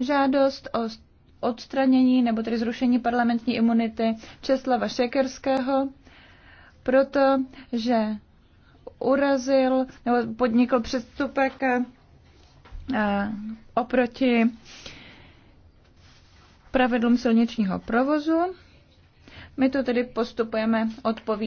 žádost o odstranění nebo tedy zrušení parlamentní imunity Česlava Šekerského, protože urazil nebo podnikl přestupek eh, oproti pravidlům silničního provozu. My to tedy postupujeme odpovědně.